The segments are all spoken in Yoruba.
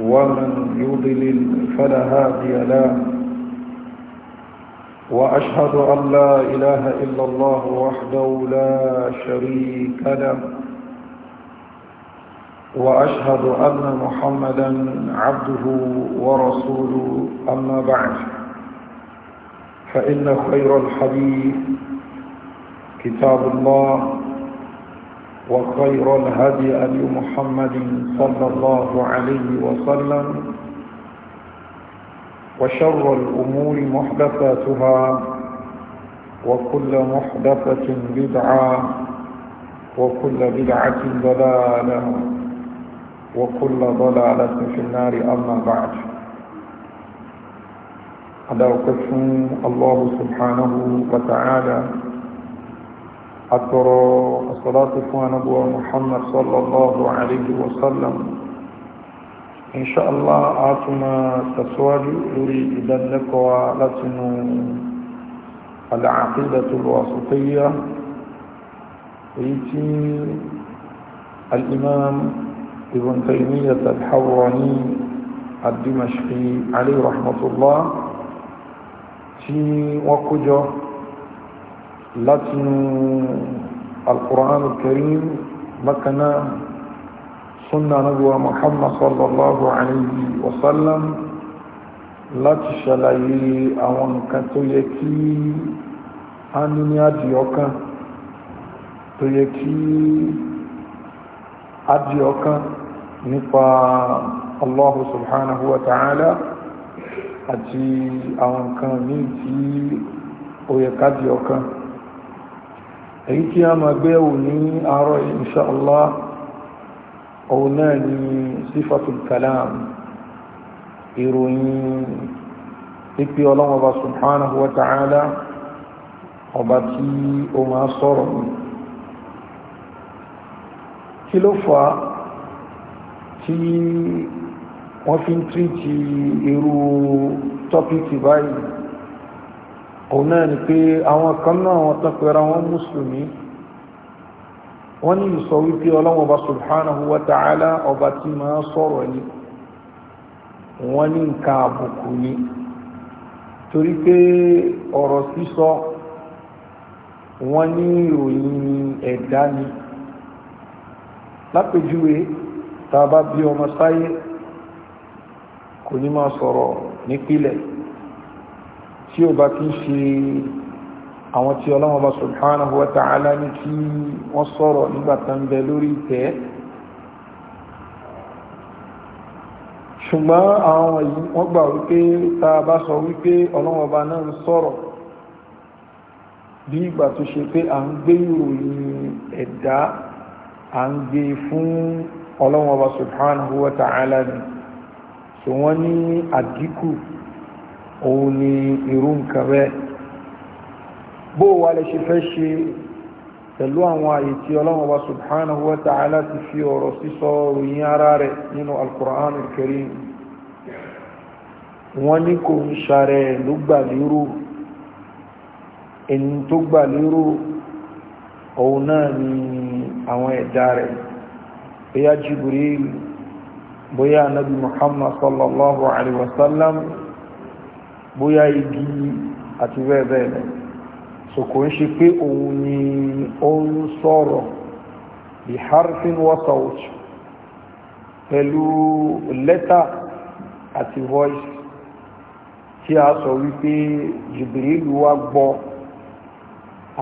ومن يضلل فلا هادي له وأشهد أن لا إله إلا الله وحده لا شريك له وأشهد أن محمدا عبده ورسوله أما بعد فإن خير الحديث كتاب الله وخير الهدي أبي محمد صلى الله عليه وسلم وشر الأمور محدثاتها وكل محدثة بدعة وكل بدعة ضلالة وكل ضلالة في النار أما بعد هذا الله سبحانه وتعالى أكبر الصلاة ونبوة محمد صلى الله عليه وسلم إن شاء الله آتنا تسواج لري إذا لك ولتن العقيدة الواسطية يتي الإمام ابن تيمية الحوراني الدمشقي عليه رحمة الله في وقجه láti alkùránù karim makana sunna nabuwa muhammad sallallahu alayhi wa sallam láti ṣàlàyé àwọn nǹkan tó yẹ kí a ní ní àdìọ́kàn tó yẹ kí àdìọ́kàn nípa allahu subhanahu wa ta'ala àti àwọn nǹkan ní tí ó yẹ kádìọ́kàn èyí tí a máa gbé ẹ̀wò ní àárọ̀ insha Allah òun náà ni sifatul kalam ìròyìn pípé ọlọ́mọba subhanahu wa ta'ala ọba tí ó máa sọ̀rọ̀ kí ló fà tí wọ́n fi ń tírìtì irú tọ́pìkì báyìí òun náà ni pé àwọn kan náà àwọn tán pẹ̀rọ àwọn mùsùlùmí subhanahu wa ta'ala ọba tí máa sọ̀rọ̀ ni wọ́n ní nǹkan àbùkù ni torí pé ọ̀rọ̀ sísọ wọ́n ní ìròyìn ẹ̀dá tí ó bá kí ń ṣe àwọn tí ọlọ́wọ́ bá subhanahu wa ta'ala ní kí wọ́n sọ̀rọ̀ nígbàtà ń bẹ lórí ìtẹ́ ṣùgbọ́n àwọn yìí wọ́n gbà wípé ta bá sọ wípé ọlọ́wọ́ bá náà ń sọ̀rọ̀ bí ìgbà tó ṣe pé à ń gbé ìròyìn ẹ̀dá à ń gbé e fún ọlọ́wọ́ bá subhanahu wa ta'ala ni ṣùgbọ́n ní àdínkù òun ni irú nǹkan rẹ̀ bó wà lè ṣe fẹ́ ṣe pẹ̀lú àwọn àyè tí ọlọ́run ọba subhanahu wa ta'ala ti fi ọ̀rọ̀ sísọ ròyìn ara rẹ̀ nínú al-Qur'an al-Karim wọ́n kò ń ṣàrẹ̀ ló gbà lérò ẹni tó gbà lérò òun náà ni àwọn ẹ̀dá rẹ̀ bóyá Jibril bóyá anabi Muhammad sallallahu alaihi wasallam sallam bóyá igi àti bẹ́ẹ̀ bẹ́ẹ̀ so kò ń ṣe pé òun ni ó ń sọ̀rọ̀ bí harfin wasaut pẹ̀lú lẹ́tà àti voice tí a sọ wípé jìbìrìlù wa gbọ́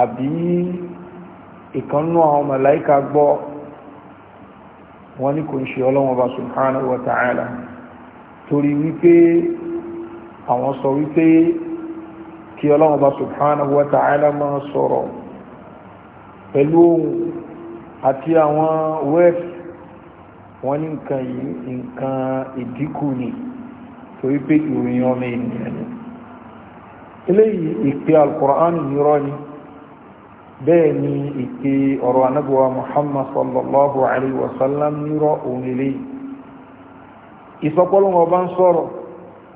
àbí ìkànnú àwọn màláìka gbọ́ wọ́n ní kò ń ṣe ọlọ́wọ́n bá subhanahu wa ta'ala torí wípé àwọn sọ wípé kí ọlọ́run bá subhanahu wa ta'ala máa sọ̀rọ̀ pẹ̀lú ohun àti àwọn wẹ́ẹ̀f wọ́n ní nǹkan yìí nǹkan ìdínkù ni torí pé ìròyìn ọmọ ènìyàn ni eléyìí ìpè alkùránì nírọ́ ni bẹ́ẹ̀ ni ìpè ọ̀rọ̀ anábọ̀wá muhammad sallallahu alayhi wa sallam nírọ́ òun eléyìí ìsọpọ́lọ́wọ́ bá ń sọ̀rọ̀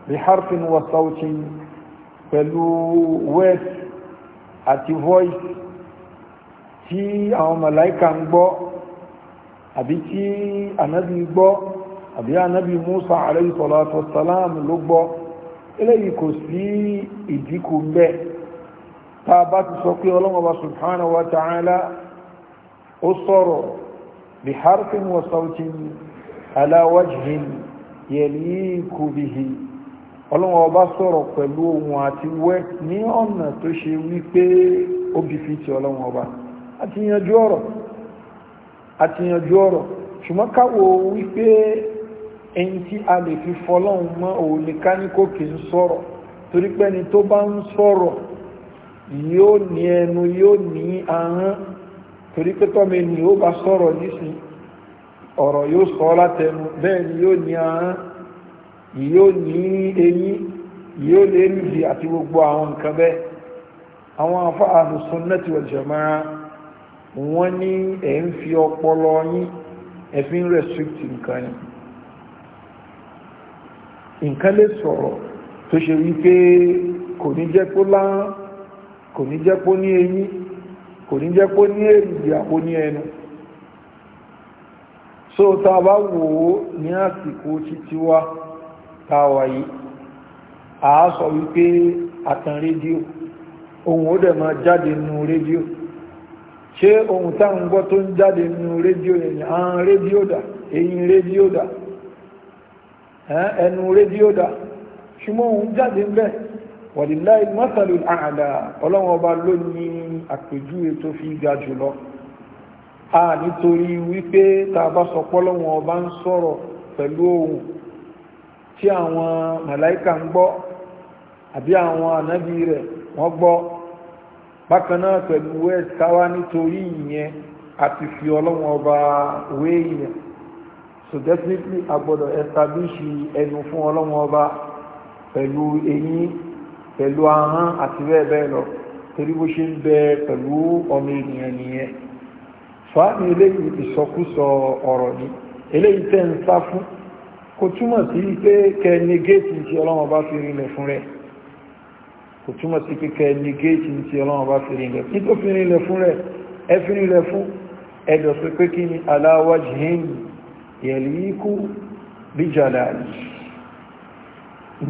biharfin wa sautin pẹ̀lú west àti voice tí àwọn màláìka ń gbọ́ àbí tí ànábì gbọ́ àbí ànábì Musa alayhi salatu wassalam ló gbọ́ eléyìí kò sí ìdínkù bẹ́ẹ̀ tá a bá ti sọ pé ọlọ́mọba subhanahu wa ta'ala ó sọ̀rọ̀ biharfin wa sautin ala wajhin yaliku bihi ọlọ́wọ́n ọba sọ̀rọ̀ pẹ̀lú ohun àti wẹ́ ní ọ̀nà tó ṣe wípé ó bí fi ti ọlọ́wọ́n ọba àti yanjú ọ̀rọ̀ àti yanjú ọ̀rọ̀ ṣùgbọ́n káwo wípé ẹni tí a lè fi fọlọ́hun mọ́ òun ní káníkò kì í sọ̀rọ̀ torí pé ẹni tó bá ń sọ̀rọ̀ yóò ní ẹnu yóò ní ahọ́n torí pé tọ́mọ ènìyàn ó bá sọ̀rọ̀ nísìn ọ̀rọ̀ yóò sọ látẹnu bẹ́ẹ̀ ni yóò ní ahọ́n yóò ní eyín yóò lè lùdí àti gbogbo àwọn nǹkan bẹ́ẹ̀ àwọn afọ àlùsùn náà ti jamaa wọ́n ní ẹ̀ ń fi ọpọlọ yín ẹ̀ fi ń restrict nǹkan yẹn nǹkan lè sọ̀rọ̀ tó ṣe wípé kò ní jẹ́ kó láhán kò ní jẹ́ kó ní eyín kò ní jẹ́ kó ní èrìdì àpò ní ẹnu so tá a bá wò ó ní àsìkò títí wá táwà yìí a sọ wípé àtàn rédíò ohun ó dẹ̀ máa jáde nù rédíò ṣé ohun tá ń gbọ́ tó ń jáde nù rédíò yẹn ni àwọn rédíò dà eyín rédíò dà ẹnu rédíò dà ṣùgbọ́n ohun jáde ń bẹ̀ wàlíláì mọ́sàlù àdá ọlọ́wọ́n ọba ló ní àpèjúwe tó fi ga jùlọ a nítorí wípé tá a bá sọ pọ́lọ́wọ́n ọba ń sọ̀rọ̀ pẹ̀lú ohun tí àwọn màláíkà ń gbọ́ àbí àwọn ànábì rẹ̀ wọ́n gbọ́ bákan náà pẹ̀lú west káwá nítorí ìyẹn àti fi ọlọ́wọ́n ọba wé ìyẹn so definitely a gbọ́dọ̀ establish ẹnu fún ọlọ́wọ́n ọba pẹ̀lú eyín pẹ̀lú ahọ́n àti bẹ́ẹ̀ bẹ́ẹ̀ lọ torí bó ṣe ń bẹ pẹ̀lú ọmọ ènìyàn nìyẹn fàámi eléyìí ìsọkúsọ ọ̀rọ̀ ni eléyìí tẹ́ ń sá fún kò túmọ̀ sí pé kẹ negéètì tí ọlọ́run bá fi rinlẹ̀ fún rẹ̀ kò túmọ̀ sí pé kẹ negéètì tí ọlọ́run bá fi rinlẹ̀ ní tó fi rinlẹ̀ fún rẹ̀ ẹ fi rinlẹ̀ fún ẹ̀dọ̀ sí pé kí ni aláwájìhìn yẹ̀líkú bíjàlá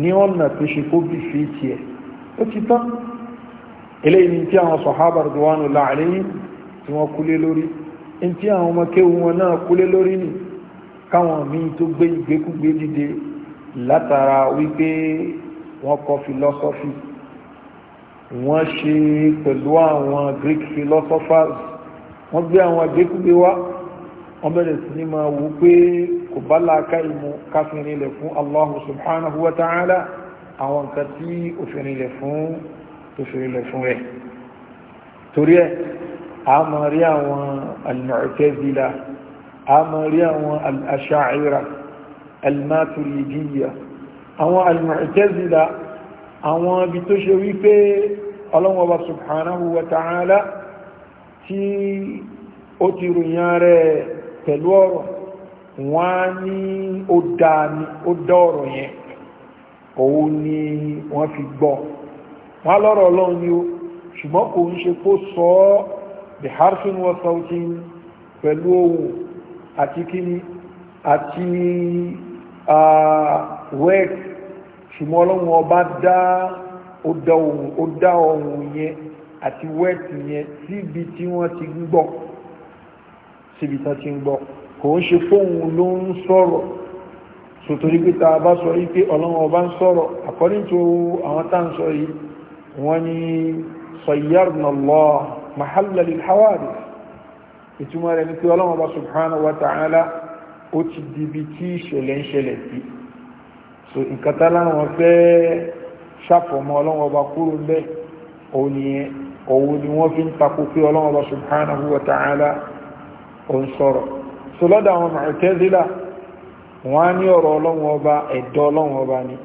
ní ọ̀nà tó ṣe kó bí fi tí ẹ̀ ó ti tán káwọn míì tó gbé ìgbékúgbé dìde látara wípé wọ́n kọ́ philosophy wọ́n ṣe pẹ̀lú àwọn Greek philosophers wọ́n gbé àwọn ìgbékúgbé wá wọ́n bẹ̀rẹ̀ sí ní máa wò pé kò bá láàká ìmú káfíìnrin ilẹ̀ fún Allahu subhanahu wa ta'ala àwọn nǹkan tí òfin ilẹ̀ fún òfin ilẹ̀ fún rẹ̀ torí ẹ̀ a máa rí àwọn al-Mu'tazila àmàrí àwọn al-asha'ira al-maturidiyya àwọn al-mu'tazila àwọn ibi tó ṣe wípé ọlọ́wọ́ba subhanahu wa ta'ala tí ó ti ròyìn rẹ̀ pẹ̀lú ọ̀rọ̀ wọ́n ní ó dá ọ̀rọ̀ yẹn òun ni wọ́n fi gbọ́ wọ́n lọ́rọ̀ ọlọ́run ni ó ṣùgbọ́n kò ń ṣe kó sọ ọ́ bí harfin wa pẹ̀lú ohun àti kíní àti wet ṣùgbọ́n ọlọ́run ọba dá ó dá ohun yẹn àti wet yẹn síbi tí wọ́n ti ń gbọ́ síbi tán ti ń gbọ́ kò ń ṣe fóun ló ń sọ̀rọ̀ sòtòrí pé ta bá sọ yí ọlọ́run ọba ń sọ̀rọ̀ according to àwọn tá à ń sọ yìí wọ́n ní sayyarna Allah mahalla lil hawadith ìtumọ̀ rẹ̀ ní pé ọlọ́run ọba subhanahu wa ta'ala ó ti di ibi tí ìṣẹ̀lẹ̀ ń ṣẹlẹ̀ sí so nǹkan tá láwọn fẹ́ ṣàfọ̀mọ́ ọlọ́run ọba kúrò ń bẹ́ òun nìyẹn òun ni wọ́n fi ń takò pé ọlọ́run ọba subhanahu wa ta'ala ó ń sọ̀rọ̀ so lọ́dọ̀ àwọn Mu'tazila wọ́n á ní ọ̀rọ̀ ọlọ́run ọba ẹ̀dọ́ ọlọ́run ọba ni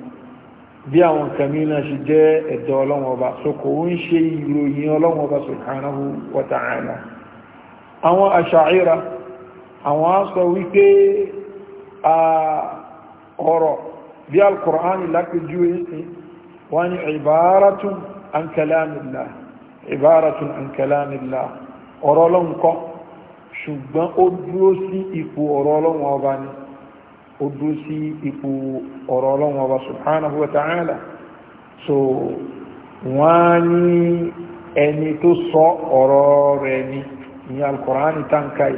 bí àwọn nǹkan náà ṣe jẹ́ ẹ̀dọ́ ọlọ́run ọba so kò ń ṣe ìròyìn ọlọ́run ọba subhanahu wa ta'ala àwọn àṣàíra àwọn á sọ wípé ọ̀rọ̀ bí alkùránì lápẹjú èsì wọ́n ni ìbáratún an kalamìlá ìbáratún an kalamìlá ọ̀rọ̀ ọlọ́run kọ́ ṣùgbọ́n ó dúró sí ipò ọ̀rọ̀ ọlọ́run ọba ni ó dúró sí ipò ọ̀rọ̀ ọlọ́run ọba subhanahu wa ta'ala so wọ́n ni ẹni tó sọ ọ̀rọ̀ rẹ̀ ni ní alkùránì tankai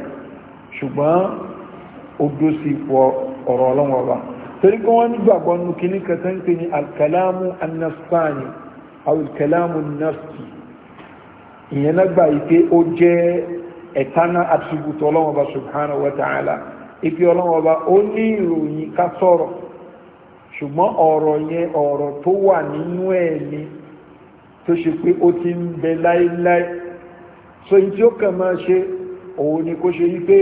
ṣùgbọ́n ó dó sí ipò ọ̀rọ̀ ọlọ́wọ́ wa torí kí wọ́n nígbàgbọ́ nù kíní kẹta ń pè ní alkalamu annasani alkalamu nafsi ìyẹn náà gbà yìí pé ó jẹ́ ẹ̀tánà attribute ọlọ́wọ́ wa subhanahu wa ta'ala ipi ọlọ́wọ́ wa ó ní ìròyìn ká sọ̀rọ̀ ṣùgbọ́n ọ̀rọ̀ yẹn ọ̀rọ̀ tó wà nínú ẹ̀ ni tó ṣe pé ó ti ń bẹ láéláé so yí tí ó kàn máa ṣe òun ni kó ṣe yí pé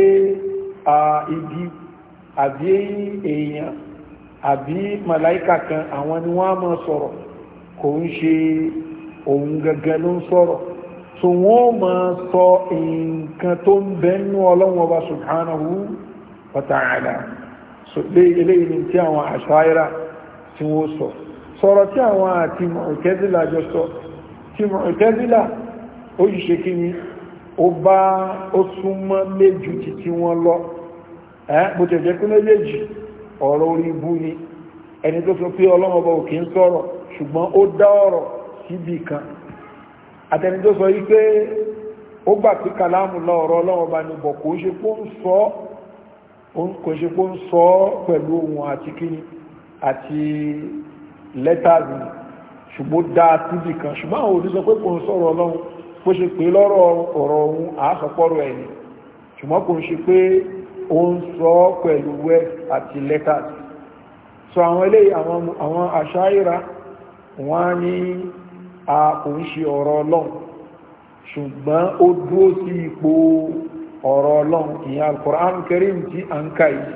a igi àbí èèyàn àbí màláìkà kan àwọn ni wọ́n á máa sọ̀rọ̀ kò ń ṣe òun gangan ló ń sọ̀rọ̀ so wọ́n máa sọ nǹkan tó ń bẹ́nu ọlọ́run ọba subhanahu wa ta'ala so eléyìí ni tí àwọn àṣáírà tí wọ́n sọ sọ̀rọ̀ tí àwọn àti mọ̀ọ̀kẹ́zìlà jọ sọ tí mọ̀ọ̀kẹ́zìlà ó yìí ṣe kí ni ó bá ó súnmọ́ méjì títí wọn lọ bó tẹ̀ jẹ́ pé méjèèjì ọ̀rọ̀ orí ibú ni ẹni tó sọ pé ọlọ́mọba ò kí ń sọ̀rọ̀ ṣùgbọ́n ó dá ọ̀rọ̀ síbi kan àtẹni tó sọ wípé ó gbà pé kàlámù lọ ọ̀rọ̀ ọlọ́mọba ni bọ̀ kò ń ṣe pó ń sọ kò ń ṣe pó ń sọ pẹ̀lú ohun àti kíni àti lẹ́tàzì ṣùgbọ́n dá síbi kan ṣùgbọ́n àwọn òní sọ pé kò ń sọ̀rọ̀ ọlọ́run bó ṣe pé lọ́rọ̀ ọ̀rọ̀ ohun àásọpọ̀rọ̀ ẹ̀yìn ṣùgbọ́n kò ń ṣe pé ó ń sọ pẹ̀lú wẹ́ àti letters so àwọn ilé àwọn àṣáyíra wọ́n á ní a kò ń ṣe ọ̀rọ̀ ọlọ́run ṣùgbọ́n ó dúró sí ipò ọ̀rọ̀ ọlọ́run ìyẹn al-Qur'an Karim tí a ń ka yìí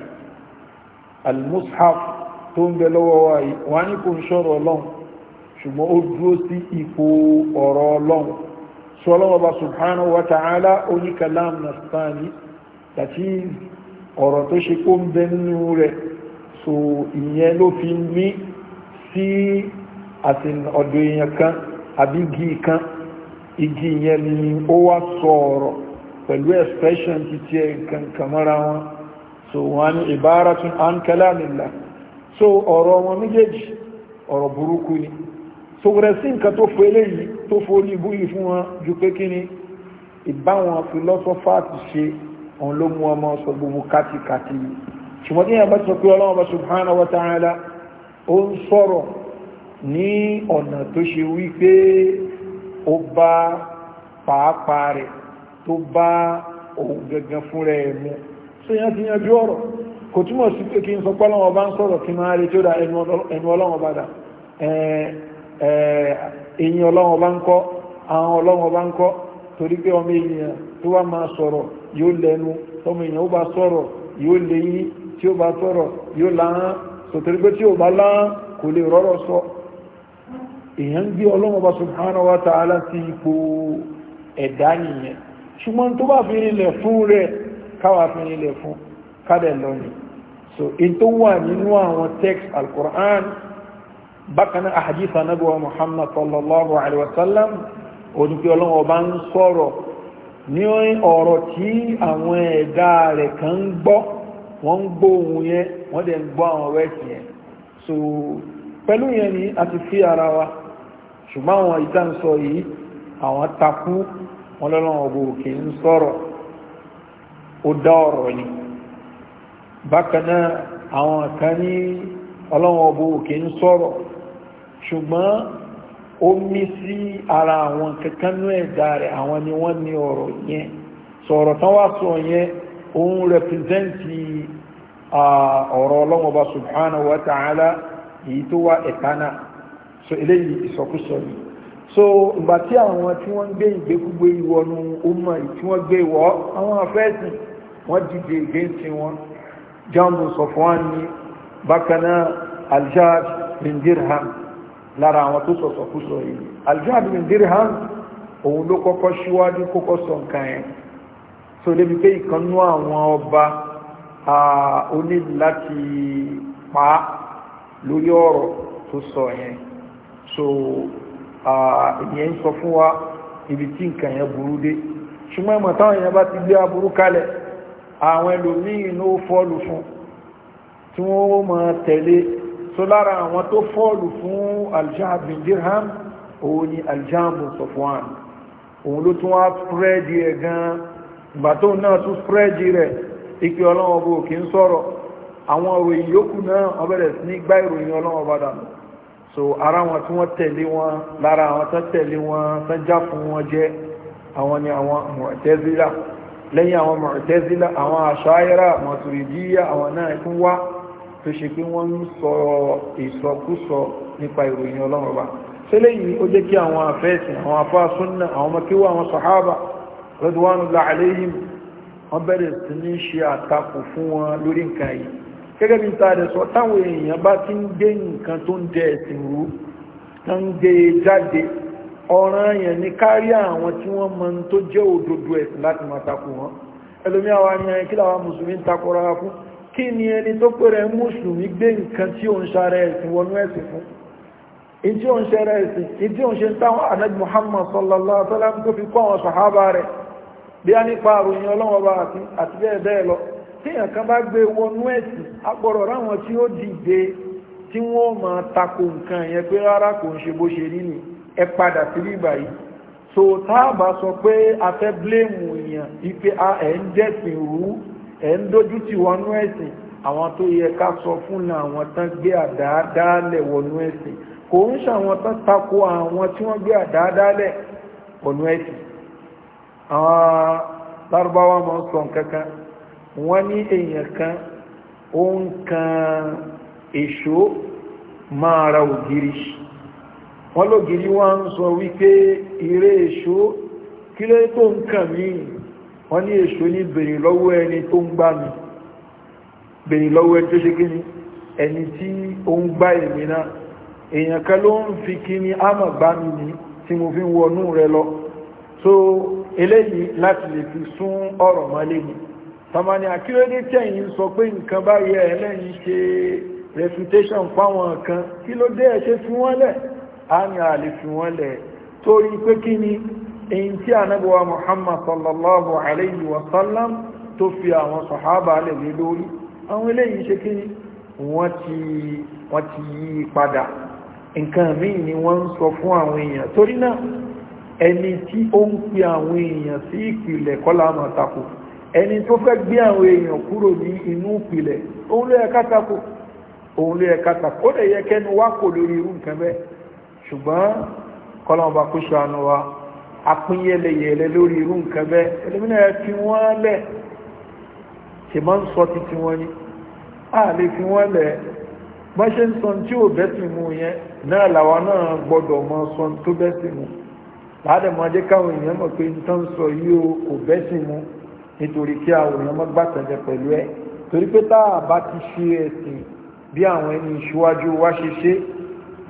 al-mushaf tó ń bẹ lọ́wọ́ wa yìí wọ́n á ní kò ń ṣọ̀rọ̀ ọlọ́run ṣùgbọ́n ó dúró sí ipò ọ̀rọ̀ ọlọ́run sọlọ́wọ́ba subhanahu wa ta'ala oníkàlám na stani tàbí ọ̀rọ̀ tó ṣe kó ń bẹ nínú rẹ̀ so ìyẹn ló fi mí sí àti ọ̀dọ̀ èèyàn kan àbí igi kan igi ìyẹn ni ó wá sọ ọ̀rọ̀ pẹ̀lú expression ti tí ẹ nǹkan kàmọ́ra wọn so wọ́n ní ibaratun an kalamillah so ọ̀rọ̀ wọn méjèèjì ọ̀rọ̀ burúkú ni sòwòrẹ́ sí nǹkan tó fò eléyìí tó fò ní fún wọn ju pé kí ni ìbáwọn philosopher ti ṣe òun ló mú ọmọ sọ gbogbo kátikàti yìí ṣùgbọ́n tí ni bá sọ pé ọlọ́run bá subhanahu wa ta'ala ó ń sọ̀rọ̀ ní ọ̀nà tó ṣe wípé ó bá pàápàá rẹ̀ tó bá òun gangan fún rẹ̀ mú tó ti yanjú ọ̀rọ̀ kò túmọ̀ sí pé kí n sọ pé ọlọ́run bá ń sọ̀rọ̀ kí máa rí tó da ẹnu ọlọ́run bá dà ẹ̀yìn eh, ọlọ́wọ́ bá ń kọ́ àwọn ọlọ́wọ́ bá ń kọ́ torí pé ọmọ èèyàn tó wá máa sọ̀rọ̀ yóò lẹ́nu ọmọ èèyàn ó bá sọ̀rọ̀ yóò léyìn tí ó bá sọ̀rọ̀ yóò láhán sọ̀tẹ̀rí pé tí ó bá láhán kò lè rọ́rọ̀ sọ èèyàn gbé ọlọ́wọ́ bá subhanahu wa ta'ala sí ipò ẹ̀dá nìyẹn ṣùgbọ́n tó bá fi rinlẹ̀ fún rẹ̀ káwà fi rinlẹ̀ fún kádẹ̀ lọ́nìí so in tó wà nínú àwọn text al-Qur'an bákanáà àhàjíta nábíwá muhammad sallallahu alaihi wasallam onípe ọlọ́wọ́ bá ń sọ̀rọ̀ ní ọ̀rọ̀ tí àwọn ẹ̀dá rẹ̀ kan ń gbọ́ wọ́n ń gbọ́ ohun yẹn wọ́n dẹ̀ ń gbọ́ àwọn wẹ́ẹ̀sì yẹn so pẹ̀lú yẹn ni a ti fi ara wa ṣùgbọ́n àwọn ìta ń sọ yìí àwọn takú wọn lọ́lọ́wọ́ bò kì ń sọ̀rọ̀ ó dá ọ̀rọ̀ ni bákanáà àwọn kan ní ọlọ́wọ́ bò kì ń sọ̀rọ̀ ṣùgbọ́n ó mí sí ara àwọn kankanú ẹ̀dá rẹ̀ àwọn ni wọ́n ní ọ̀rọ̀ yẹn sọ̀rọ̀ tán wá sọ yẹn òun rẹpìzẹ́ntì ọ̀rọ̀ ọlọ́mọba subhanahu wa ta'ala èyí tó wá ẹ̀tánà so eléyìí ìsọkúsọ yìí so ìgbà tí àwọn tí wọ́n gbé ìgbékúgbé ìwọ̀nù ọmọ tí wọ́n gbé ìwọ̀ àwọn afẹ́sìn wọ́n dìde against wọn jamu sọfọ́n ni bákanáà aljaj bin dirham lára àwọn tó sọ̀sọ̀ kú sọ yìí aljihadu bin dirham òun ló kọ́kọ́ síwájú kókọ́ sọ nǹkan yẹn so débi pé ìkànnú àwọn ọba oní láti pa lórí ọ̀rọ̀ tó sọ yẹn so ìyẹn ń sọ fún wa ibi tí nǹkan yẹn burú dé ṣùgbọ́n ìmọ̀ táwọn èèyàn bá ti gbé aburú kalẹ̀ àwọn ẹlòmíín ló fọ́ọ̀lù fún tí wọ́n máa tẹ̀lé so lára àwọn tó fọ́ọ̀lù fún aljahab bin dirham òun ni aljahamu sọfwan òun ló tún wá spreadi ẹ̀ gan ìgbà tó náà tún spreadi rẹ̀ ike ọlọ́run ọba òkè ń sọ̀rọ̀ àwọn ìròyìn yòókù náà wọ́n bẹ̀rẹ̀ sí ní gbá ìròyìn ọlọ́run ọba so ara wọn tí wọ́n tẹ̀lé wọn lára àwọn tó tẹ̀lé wọn tó já fún wọn jẹ́ àwọn ni àwọn mu'tazila lẹ́yìn àwọn mu'tazila àwọn ashayira maturidiyya àwọn náà tún wá tó ṣe pé wọ́n ń sọ ìsọkúsọ nípa ìròyìn ọlọ́run ọba sílẹ̀ yìí ó jẹ́ kí àwọn afẹ́sìn àwọn afáàsúnnà àwọn makíwà àwọn sàhábà radwanullahi alayhim wọ́n bẹ̀rẹ̀ sí ní ṣe àtakò fún wọn lórí nǹkan yìí gẹ́gẹ́ bí ta rẹ̀ sọ táwọn èèyàn bá ti ń gbé nǹkan tó ń jẹ ẹ̀sìn rú tó ń gbé e jáde ọ̀ràn yẹn ní kárí àwọn tí wọ́n mọ̀ tó jẹ́ òdodo ẹ̀sìn láti máa takò wọn ẹlòmíà wa kí làwọn mùsùlùmí ń takọra fún kí ni ẹni tó pèrè mùsùlùmí gbé nǹkan tí ó ń ṣàrẹ ẹ̀sìn wọnú ẹ̀sìn fún ìtí ó ń ṣẹrẹ ẹ̀sìn ìtí ó ń ṣe táwọn anájú Muhammad sallallahu alaihi wasallam tó fi kọ́ àwọn sàhábà rẹ̀ bí a nípa àròyìn ọlọ́wọ́ba àti bẹ́ẹ̀ bẹ́ẹ̀ lọ tíyàn kan bá gbé wọnú ẹ̀sìn agbọ̀rọ̀ ráwọn tí so táàbà sọ pé a fẹ́ bléèmù èèyàn ẹ̀ ń jẹ́sìn rú ẹ̀ ń dojú ti wọnú ẹ̀sìn àwọn tó yẹ ká sọ fún náà àwọn tán gbé àdáadáalẹ̀ wọnú ẹ̀sìn kò ń ṣàwọn tán tako àwọn tí wọ́n gbé àdáadáalẹ̀ wọnú ẹ̀sìn àwọn lárúbáwá máa ń sọ nǹkan kan wọ́n ní èèyàn kan ó ń kan èso máa ra ògiri wọ́n lògiri wọ́n ń sọ wípé eré èso kí ló tó ń kàn míì wọ́n ní èṣò ní bèrè lọ́wọ́ ẹni tó ń gbá mi bèrè lọ́wọ́ ẹni tó ṣe kí ni ẹni tí ó ń gbá èmi náà èèyàn kan ló ń fi kí ni ámà gbá mi ní tí mo fi ń wọnú rẹ lọ so eléyìí láti lè fi sún ọ̀rọ̀ mọ́lé ni tamani akílódé tẹ̀yìn sọ pé nǹkan báyìí ẹlẹ́yìn ṣe refutation fáwọn kan kí ló dé ẹ̀ ṣe fi wọ́n lẹ̀ á ní àlè fi wọ́n lẹ̀ torí pé kí ni èyí tí muhammad sallallahu alayhi wa sallam tó fi àwọn sọ̀hábà lè lé lórí àwọn eléyìí ṣe kí wọ́n ti yí padà nǹkan míì ni wọ́n ń sọ fún àwọn èèyàn torí náà ẹni tí ó ń pe àwọn èèyàn sí ìpìlẹ̀ kọ́lá àmọ̀tàkù ẹni tó fẹ́ gbé àwọn èèyàn kúrò ní inú ìpìlẹ̀ òun òun ó lè àpínyẹlẹyẹlẹ lórí irú nǹkan bẹ́ẹ̀ ẹlẹ́mìnà fi wọ́n lẹ̀ ṣe máa ń sọ títí wọn ni a lè fi wọ́n lẹ̀ bá ṣe ń sọ tí ò bẹ́sì mu yẹn náà làwa náà gbọ́dọ̀ mọ sọ tó bẹ́sì mu láàdẹ̀mọ́ ajé káwọn èèyàn mọ̀ pé tó ń sọ yìí o kò bẹ́sì mu nítorí kí àwọn èèyàn mọ́ gbàtẹ̀jẹ pẹ̀lú ẹ̀ torí pé tá a bá ti ṣe ẹ̀sìn bí àwọn ẹni ìṣíwájú wa ṣe ṣe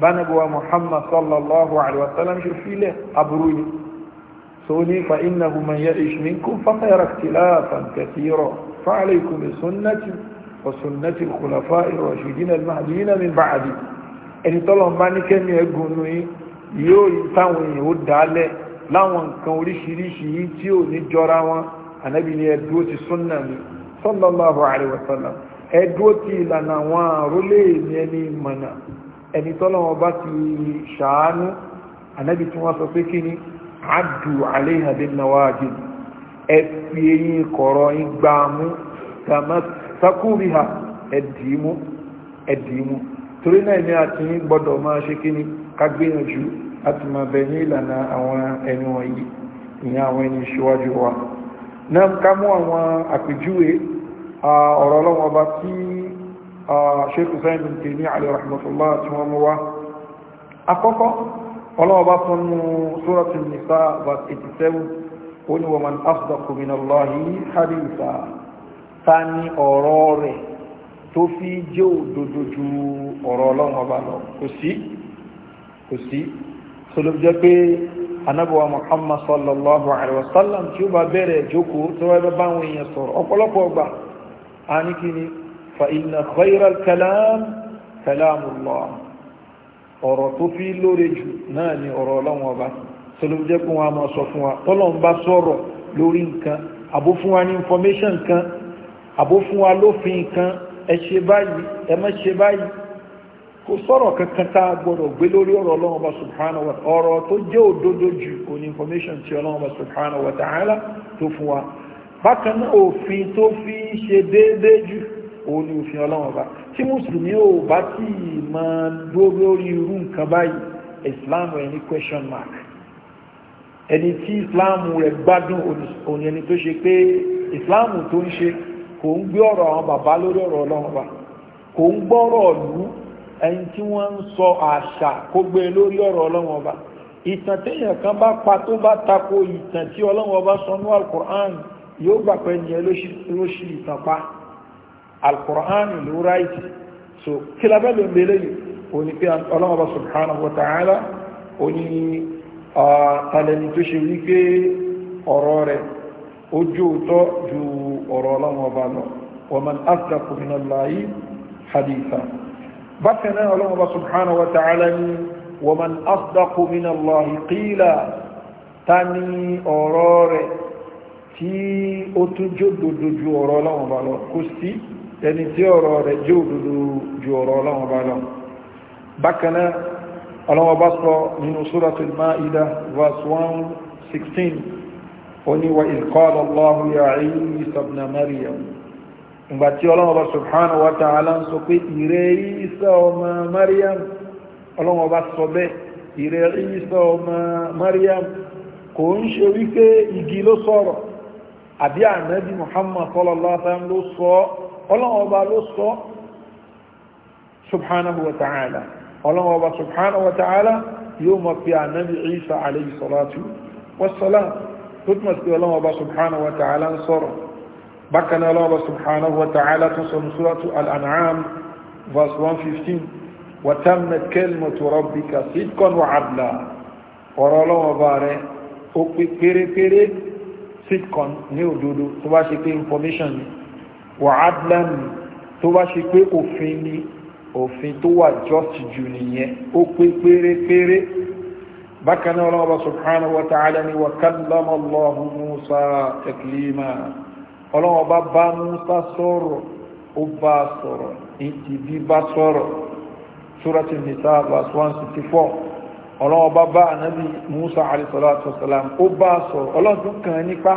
bánagbọ́wà Muhammad sallallahu alaihi wasallam ṣe fílẹ̀ aburú yìí سوني فإنه من يعيش منكم فسيرى اختلافا كثيرا فعليكم بسنتي وسنة الخلفاء الراشدين المهديين من بعدي ẹni tọ́lọ̀ bá ní kẹ́mi ẹgùn ní yóò táwọn èèyàn ó dálẹ̀ láwọn nǹkan oríṣiríṣi tí ò ní jọra wọn ànábì ni ẹdúró ti súnnà mi sallallahu alaihi wasallam ẹdúró ti ìlànà àwọn àrólé ní ẹni mọ̀nà ẹni tọ́lọ̀ bá ti ṣàánú ànábì tí wọ́n sọ pé kí ni adu àléhà bí nàwájú ẹ fi eyín kọ̀rọ̀ yín gbá mú tàmásákúrìhà ẹ dì í mú torí náà ni a ti ń gbọ́dọ̀ ni ká gbìyànjú láti máa ni ní ìlànà àwọn ẹni wọ̀nyí ìyẹn àwọn ẹni ṣíwájú wa na ká mú àwọn àpèjúwe ọ̀rọ̀ rahmatullah ọlọ́wọ́ bá tún mú suratul nisa verse eighty seven ó ní wa man asdaqu minallahi haditha ta ni ọ̀rọ̀ rẹ̀ tó fi jẹ́ òdodo ju ọ̀rọ̀ ọlọ́wọ́ bá lọ kò sí kò sí sọlọ́jọ́ pé anábọ̀wá muhammad sallallahu alaihi wa sallam tí ó bá bẹ̀rẹ̀ jókòó tó wá bá báwọn èèyàn ọ̀rọ̀ tó fi lóore jù náà ni ọ̀rọ̀ ọlọ́run ọba tọ́lọ́m jẹ́ kó wọn máa sọ fún wa tọ́lọ́m bá sọ̀rọ̀ lórí nǹkan àbó fún wa ní information kan àbó fún wa lófin kan ẹ ṣe báyìí ẹ má ṣe báyìí kò sọ̀rọ̀ kankan tá a gbọ́dọ̀ gbé lórí ọ̀rọ̀ ọlọ́run ọba subhanahu wa ta'ala ọ̀rọ̀ tó jẹ́ òdodo jù òní information ti ọlọ́run ọba subhanahu wa ta'ala tó fún wa bákan náà òfin tó fi ṣe déédéé jù òun ni òfin ọlọ́run ọba tí mùsùlùmí ò bá tí ì máa dúró lórí irú nǹkan báyìí islam rẹ̀ ní question mark ẹni tí islam rẹ̀ gbádùn òní ẹni tó ṣe pé islam tó ń ṣe kò ń gbé ọ̀rọ̀ àwọn bàbá lórí ọ̀rọ̀ ọlọ́run wa kò ń gbọ́rọ̀ ọ̀lú ẹni tí wọ́n ń sọ àṣà kó gbé e lórí ọ̀rọ̀ ọlọ́run ọba ìtàn téèyàn kan bá pa tó bá tako ìtàn tí ọlọ́run ọba sọ ní alukur'an yóò gbà pé nìyẹn ló ṣì ìtàn pa alukur'an ló ráìtì so kí la ló ń belé òní pé ọlọ́wọ́bà subhanahu wa ta'ala òní àtàlẹ́ni tó ṣe wípé ọ̀rọ̀ rẹ̀ ó jóòtọ́ ju ọ̀rọ̀ ọlọ́wọ́bà lọ wa man asdaqu minallahi haditha bákan náà ọlọ́wọ́bà subhanahu wa ta'ala ni wa ẹni tí ọ̀rọ̀ rẹ̀ jó dodo ju ọ̀rọ̀ ọlọ́wọ́bà lọ bákanáà ọlọ́wọ́ bá sọ nínú suratul Maida verse 116 ó ní wa idh qala Allahu ya Isa ibn Maryam ìgbàtí ọlọ́wọ́ bá subhanahu wa ta'ala ń sọ pé ìrẹ́ Isa ọmọ Maryam ọlọ́wọ́ kò ń ṣe wípé igi ló sọ̀rọ̀ àbí ànábì Muhammad sallallahu alaihi ló sọ ọlọ́wọ́ bá ló sọ subhanahu wa ọlọ́wọ́ ọba subhanahu wa ta'ala yóò mọ̀ pé ànábì isa alayhi salatu wasalam tó túnmọ̀ sí ọlọ́wọ́ ọba subhanahu wa ta'ala ń sọ̀rọ̀ bákan náà subhanahu wa ta'ala tún sọ musulatu al verse 115 wa tammat kalimatu rabbika sidqan wa adla ọ̀rọ̀ ọlọ́wọ́ ọba rẹ̀ ó pé pérépéré sidqan ní tó bá ṣe pé òfin ni òfin tó wà just jù nìyẹn ó pé pérépéré bákan náà ọlọ́wọ́ subhanahu wa ta'ala ni wa kallama Allahu Musa taklima ọlọ́wọ́ bá bá Musa sọ̀rọ̀ ó bá sọ̀rọ̀ ìtì bí bá sọ̀rọ̀ surati nisa verse one sixty four ọlọ́wọ́ bá bá ànábì Musa alayhi salatu wa salam ó bá sọ̀rọ̀ ọlọ́dún kan nípa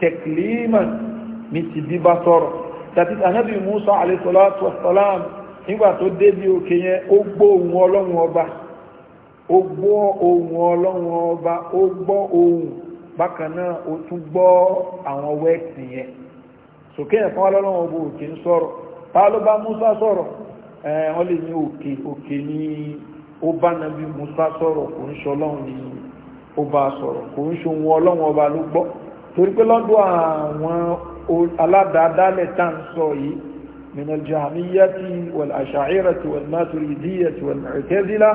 taklima ní ti bí bá sọ̀rọ̀ tàbí ànábì Musa alayhi salam nígbà tó débi òkè yẹn ó gbọ́ ohun ọlọ́run ọba ó gbọ́ ohun ọlọ́run ọba ó gbọ́ ohun bákan náà ó tún gbọ́ àwọn wẹ́ẹ̀sì yẹn sòkè yẹn fún ọlọ́run ọba òkè ń sọ̀rọ̀ ta ló bá Musa sọ̀rọ̀ ẹ̀ wọ́n lè ní òkè òkè ní ó bá nàbí Musa sọ̀rọ̀ kò ń ṣọlọ́run ní ó bá sọ̀rọ̀ kò ń ṣohun ọlọ́run ọba ló gbọ́ torí pé lọ́dọ̀ àwọn aládàádálẹ̀ tá à ń sọ yìí من الجهمية والأشاعرة والماتريدية والمعتزلة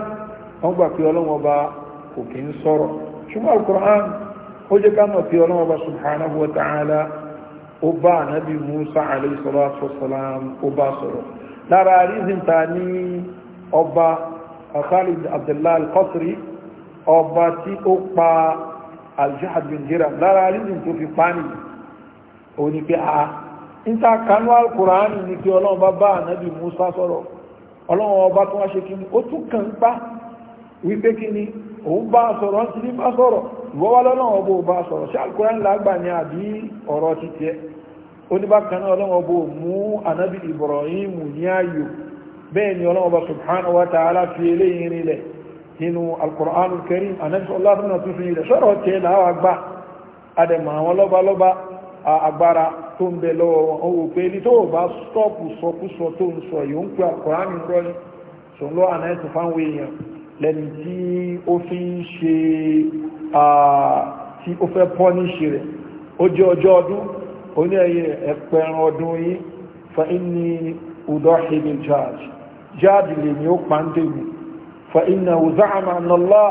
أنبا في علم وبا وكين صر شما القرآن هو أنه في علم وبا سبحانه وتعالى وبا نبي موسى عليه الصلاة والسلام وبا صر لا رأيز ثاني وبا خالد عبد الله القصري وبا تي أقبا الجهد بن جرم لا رأيز تفقاني ونبي آه níta kanú alukùránì ní kí ọlọ́run bá bá ànábì Musa sọ̀rọ̀ ọlọ́run ọba tó wá ṣe kí ó tún kàn ń pa wípé kí ni òun bá sọ̀rọ̀ ń ti ní bá sọ̀rọ̀ ìwọ́ wá lọ́lọ́run ọba ò bá sọ̀rọ̀ ṣé alukùránì làgbà ni àbí ọ̀rọ̀ ti tiẹ̀ oníbàkan náà ọlọ́run ọba ò mú ànábì Ibrahim ní ayò ni ọlọ́run ọba subhanahu wa ta'ala fi eléyìí agbára tó ń bẹ lọ́wọ́ wọn ó wò pé ní tó bá stọ́ọ̀pù sọkúsọ tó ń sọ yìí ó ń pe àkùránì rọ́ ní sọ̀n lọ́ àná ẹ̀sùn fáwọn èèyàn lẹ́ni tí ó fi ń ṣe tí ó fẹ́ pọ́ ní ṣe rẹ̀ ó jẹ́ ọjọ́ ọdún ó ní ẹ̀yẹ ẹ̀pẹ̀rún ọdún yìí fa inni udọ́hìbì jáàjì jáàjì lè ní ó pàǹdé mi fa inna uzama anallah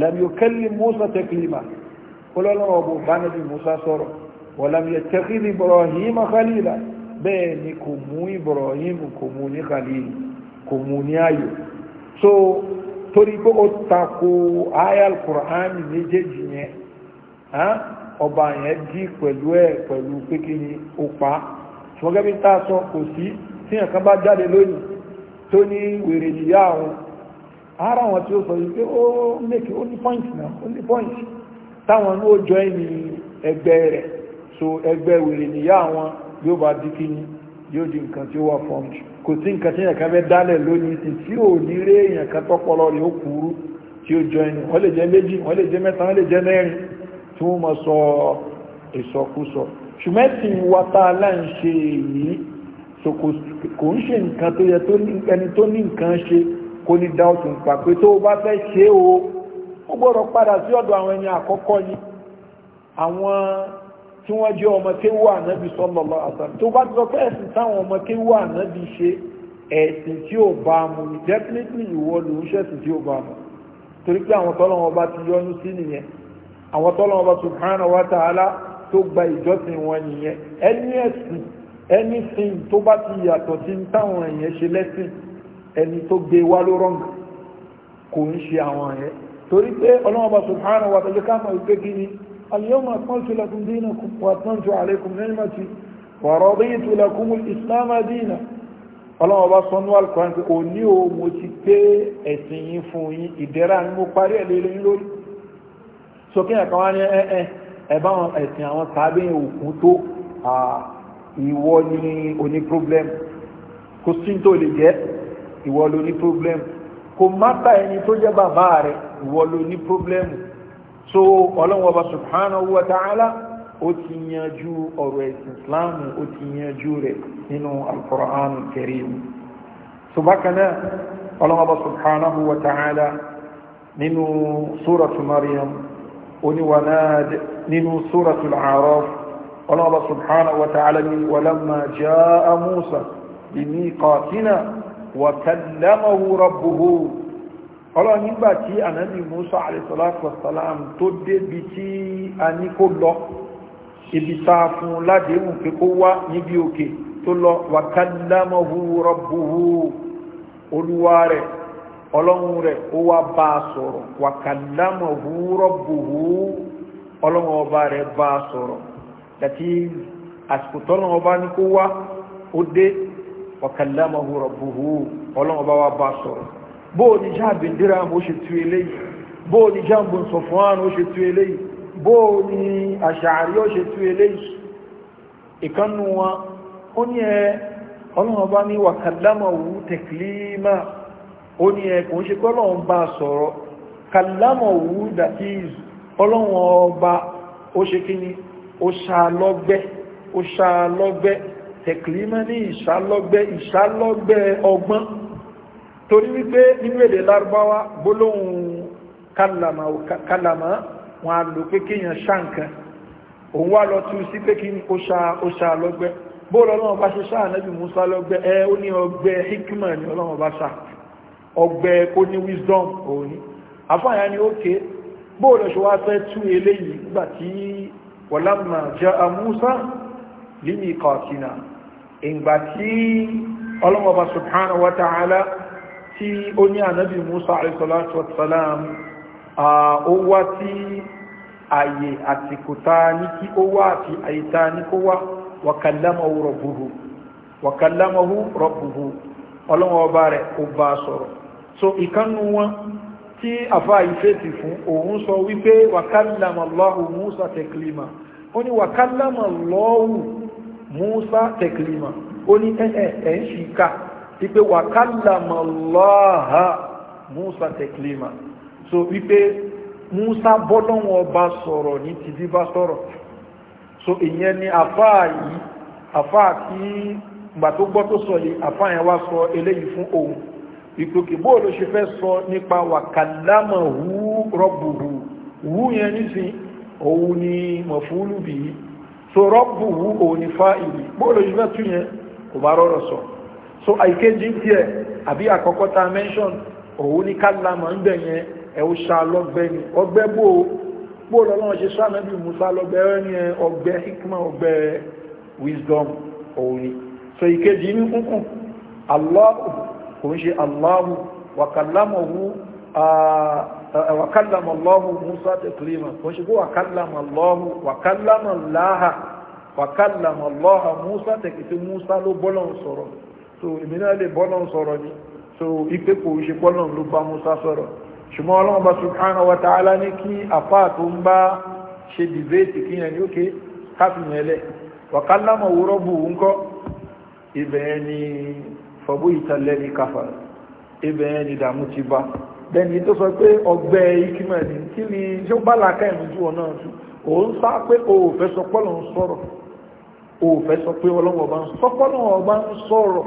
lam yukallim Musa taklima kọlọ́lọ́wọ́ bó bá níbi Musa sọ̀rọ̀ ولم يتخذ إبراهيم خليلا بين كمو إبراهيم كموني خليل كموني أيو so torí pé ó tako aya ها méjèèjì yẹn ọba yẹn dí pẹ̀lú ẹ̀ pẹ̀lú pé kí ni ó pa ṣùgbọ́n gẹ́gẹ́ bí tá a sọ kò sí tí nǹkan bá jáde lónìí tó ní wèrè nìyá àwọn ara wọn tí ó sọ yìí pé ó ní pọ́ìntì náà ó ní pọ́ìntì táwọn ní ó jọ ẹni ẹgbẹ́ rẹ̀ so ẹgbẹ́ wèrè níyà àwọn yóò bá di kí ni yóò di nǹkan tí ó wà fọ́ọ̀mù jù kò sí nǹkan tí ẹ̀ka fẹ́ dálẹ̀ lónìí sí tí ò ní rí èèyàn kan tọ́pọlọ rẹ̀ ó kúrú tí ó jọ ẹni wọ́n lè jẹ́ méjì wọ́n lè jẹ́ mẹ́ta wọ́n lè jẹ́ mẹ́rin tí wọ́n mọ̀ sọ ìsọkúsọ ṣùgbọ́n tí wa tá a láà ń ṣe èyí kò ń ṣe nǹkan tó yẹ ẹni tó ní nǹkan ṣe kò ní dá òtún pa pé tó o bá fẹ́ ṣe o ó gbọ́dọ̀ padà sí ọ̀dọ̀ àwọn ẹni àkọ́kọ́ ni àwọn tí wọ́n jẹ́ ọmọ kéwú ànábì sallallahu alaihi wasallam tó bá ti sọ pé ẹ̀sìn táwọn ọmọ kéwú ànábì ṣe ẹ̀sìn tí ò bá mu definitely ìwọ ló ń ṣẹ̀sìn tí ò bá mu torí pé àwọn tọ́lọ́wọ́n bá ti yọnu sí nìyẹn àwọn tọ́lọ́wọ́n bá subhanahu wa ta'ala tó gba ìjọsìn wọn nìyẹn ẹni ẹ̀sìn anything tó bá ti yàtọ̀ sí táwọn èèyàn ṣe lẹ́sìn ẹni tó gbé wá ló rọ́ǹgà kò ń ṣe àwọn اليوم أكملت لكم دينكم وأتممت عليكم نعمتي ورضيت لكم الإسلام دينا ọlọ́wọ́ bá sọ níwà lùkọ́ pé o ní o mo ti pé ẹ̀sìn yìí fún yín ìdẹ́ra ni mo parí ẹ̀ lélẹ́yìn lórí sókè ẹ̀kan wá ní ẹ̀ẹ́ ẹ̀bá ẹ̀sìn àwọn tàbí òkun tó ìwọ ni oní problem kò sí tó lè jẹ́ ìwọ ló problem kò má ta ẹni tó jẹ́ bàbá rẹ̀ ìwọ ló problem so ọlọ́wọ́ bá subhanahu wa ta'ala ó ti yanjú ọ̀rọ̀ ẹ̀sìn islamu ó ti yanjú rẹ̀ nínú alkùránù karim so bákanáà ọlọ́wọ́ bá subhanahu wa ta'ala nínú suratu maryam oníwànád nínú suratu al-araf ọlọ́wọ́ bá subhanahu wa ta'ala ní walamma jaa musa bi miqatina wa kallamahu rabbuhu ọlọ́run nígbà tí ànábì Musa àlẹ́sọ̀láfọ̀sálàm tó débi tí a ní kó lọ ibi tá a fún ládéhùn pé kó wá níbi òkè tó lọ wàkálàmọ́hù rọ́bùhù olúwa rẹ̀ ọlọ́run rẹ̀ ó wá bá a sọ̀rọ̀ wàkálàmọ́hù rọ́bùhù ọlọ́run ọba rẹ̀ bá a sọ̀rọ̀ dàtí àsìkò tọ́lọ́run ọba ní kó wá ó dé wàkálàmọ́hù rọ́bùhù ọlọ́run ọba wá bá a sọ̀rọ̀ bóò ní jáàbì díram ó ṣe tú eléyìí bóò ní jáàbù sọ̀fọ́n ó ṣe tú eléyìí àṣàárí ó ṣe tú eléyìí ìkannú wọn ó ní ẹ ọlọ́run bá ní wàkàlámọ̀wú tẹ̀klímà ó ní ẹ kò ń ṣe kọ́lọ́run bá sọ̀rọ̀ kàlámọ̀wú ọlọ́run ọba ó ṣe kí ni ó ṣàlọ́gbẹ́ ó ṣàlọ́gbẹ́ tẹ̀klímà ní ìṣàlọ́gbẹ́ ìṣàlọ́gbẹ́ torí wípé nínú èdè lárúbáwá gbólóhùn kálàmà wọn a lò pé kéèyàn ṣáǹkan òun wá lọ tú sí pé kí ní ó ṣá bóòlù musa lọgbẹ ẹ ó ní hikima ni ọlọ́run bá ṣá ọgbẹ́ kó ní wisdom òun ni àfáàyà ni ókè bóòlù ṣe wá fẹ́ tú eléyìí nígbà tí wọ̀lámà jẹ́ amúsá ìgbà tí bá subhanahu tí ó ní ànábì Musa àrísọ́láṣọ́ wàsálàm ó wá tí àyè àsìkò ta ní kí ó wá àti àyíta ní kó wá wàkàlámọ̀hú rọ̀bùhù wàkàlámọ̀hú rọ̀bùhù ọlọ́wọ́ rẹ̀ ó bá sọ̀rọ̀ so ìkánnú wọn tí àfá ìfẹ́sì fún òun sọ wípé wàkàlámọ̀lọ́hù Musa tẹ̀klímà ó ní wàkàlámọ̀lọ́hù Musa tẹ̀klímà wípé wàkálàmọ̀lọ́ha musa tẹ̀klímà so wípé musa bọ́lọ́wọ́ ọba sọ̀rọ̀ ní ti bí bá sọ̀rọ̀ so ìyẹn ni àfáà yìí àfáà tí gbà tó gbọ́ tó sọ yìí àfáà yẹn wá sọ eléyìí fún òun ìpòkè bóò ló ṣe fẹ́ sọ nípa wàkálàmọ̀ hú rọ́bùhù hú yẹn nísìn òun ni mọ̀fúlù bìí so rọ́bùhù òun ni fáìlì bóò ló ṣe fẹ́ tún yẹn kò bá rọrọ̀ sọ̀rọ̀ so àìkéjì ń tiẹ̀ àbí àkọ́kọ́ tá a mention òun ní kálámà ń bẹ̀ yẹn ẹ̀ ó ṣá lọ́gbẹ́ ni ọgbẹ́ bò ó bò ó lọ́wọ́ ṣe ṣá nàbí musa lọ́gbẹ́ ẹ̀ ní ọgbẹ́ hikma ọgbẹ́ wisdom òun ni so ìkéjì ní kúnkùn Allahu kò ń ṣe Allahu wàkàlámọ̀hu wàkàlámà Allahu musa taklima kò ń ṣe kó wàkàlámà Allahu wàkàlámà láha wàkàlámà Allaha musa tẹ̀kìtì musa ló bọ́lọ̀ sọ̀rọ̀ so èmi náà lè sọ̀rọ̀ ni so ipe kò ṣe bọ́ ló bá Musa sọ̀rọ̀ ṣùgbọ́n ọlọ́run bá subhanahu wa ta'ala ní kí apá tó ń bá ṣe dìbéètì kí yẹn ní òkè káfíìn ẹlẹ́ wàkálàmọ̀ òwúrọ̀ bù ń kọ́ ibẹ̀ ni fọ̀bú ìtàlẹ́ ní káfà ibẹ̀ ni dààmú ti bá bẹ́ẹ̀ni tó sọ pé ọgbẹ́ ikimọ̀ ni kí ni ṣé ó bá làákà ìmújú ọ̀nà ọ̀tún òun sá pé òòfẹ́ sọ pé sọ pé ń sọ̀rọ̀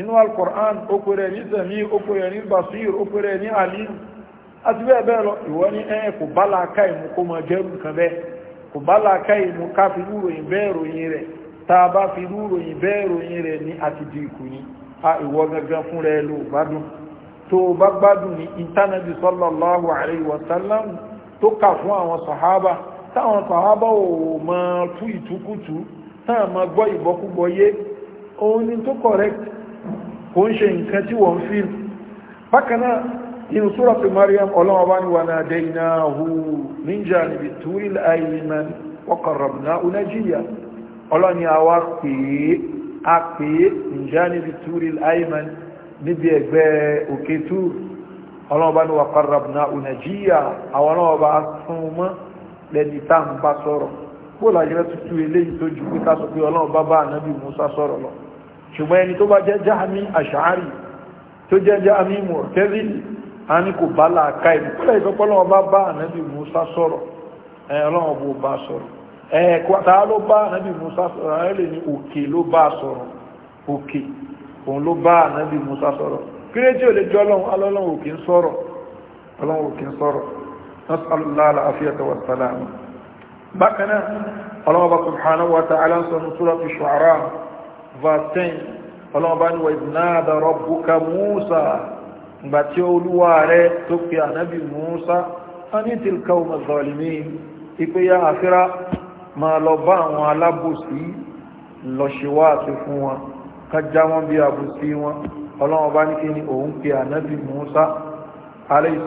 inú alkùrán ó pèrè ní sẹ̀mí ó pèrè ní basir ó pèrè ní alim àti bẹ́ẹ̀ bẹ́ẹ̀ lọ ìwọ ní ẹ́ kò bá láàká ìmú kó mọ jẹ́rù nǹkan bẹ́ẹ̀ kò bá láàká ìmú ká fi rúròyìn bẹ́ẹ̀ ròyìn rẹ̀ tá a bá fi rúròyìn bẹ́ẹ̀ ròyìn rẹ̀ ní àti di ìkù ni a ìwọ gangan fún rẹ ló gbádùn tó o bá gbádùn ní ìtànàbí sallallahu alaihi wa sallam tó kà fún àwọn sàhábà táwọn sàhábà ò mọ tú ìtukùtù táwọn mọ gbọ́ ìbọkúgbọ yé òun ni tó correct kò ń ṣe nǹkan tí wọ́n fi bákanáà inú suratu Maryam ọlọ́wọ́ bá ní wà náà dẹ̀ iná hù min janibi turi al-ayman wa qarrabnahu najiya ọlọ́ni àwa pèé a pèé min janibi turi al-ayman níbi ẹgbẹ́ òkè túr ọlọ́wọ́ bá ní wa qarrabnahu najiya àwọn ọlọ́wọ́ ṣùgbọ́n ẹni tó bá jẹ́ jáàmí àṣàárì tó jẹ́ jáàmí mọ̀tẹ́rìlì a ní kò bá láàká ìlú pẹ́lẹ̀ ìfẹ́pọ́lọ́wọ́ bá bá ànábì Musa sọ̀rọ̀ ọlọ́wọ́ bó bá sọ̀rọ̀ ẹ̀ẹ́kọ́ta ló bá ànábì Musa sọ̀rọ̀ ẹ̀lẹ́ ni òkè ló bá sọ̀rọ̀ òkè òun ló bá ànábì Musa sọ̀rọ̀ kírẹ́tì ò lè jọ ọlọ́run òkè ń sọ̀rọ̀ ọlọ́run òkè ń sọ̀rọ̀ nasalala afiyata wa verse 10 ọlọ́ọ̀bá ní wà ìdínàdà rọ̀bùka Musa ìgbà tí olúwa rẹ̀ tó pè ànábì Musa a ní tilka ọmọ zọlìmí ìpéyà àfíra ma lọ bá àwọn alábòsí lọ ṣèwà àti fún wọn kájá wọn bí àbòsí wọn ọlọ́ọ̀bá ní kí ni òun pè ànábì Musa alayhi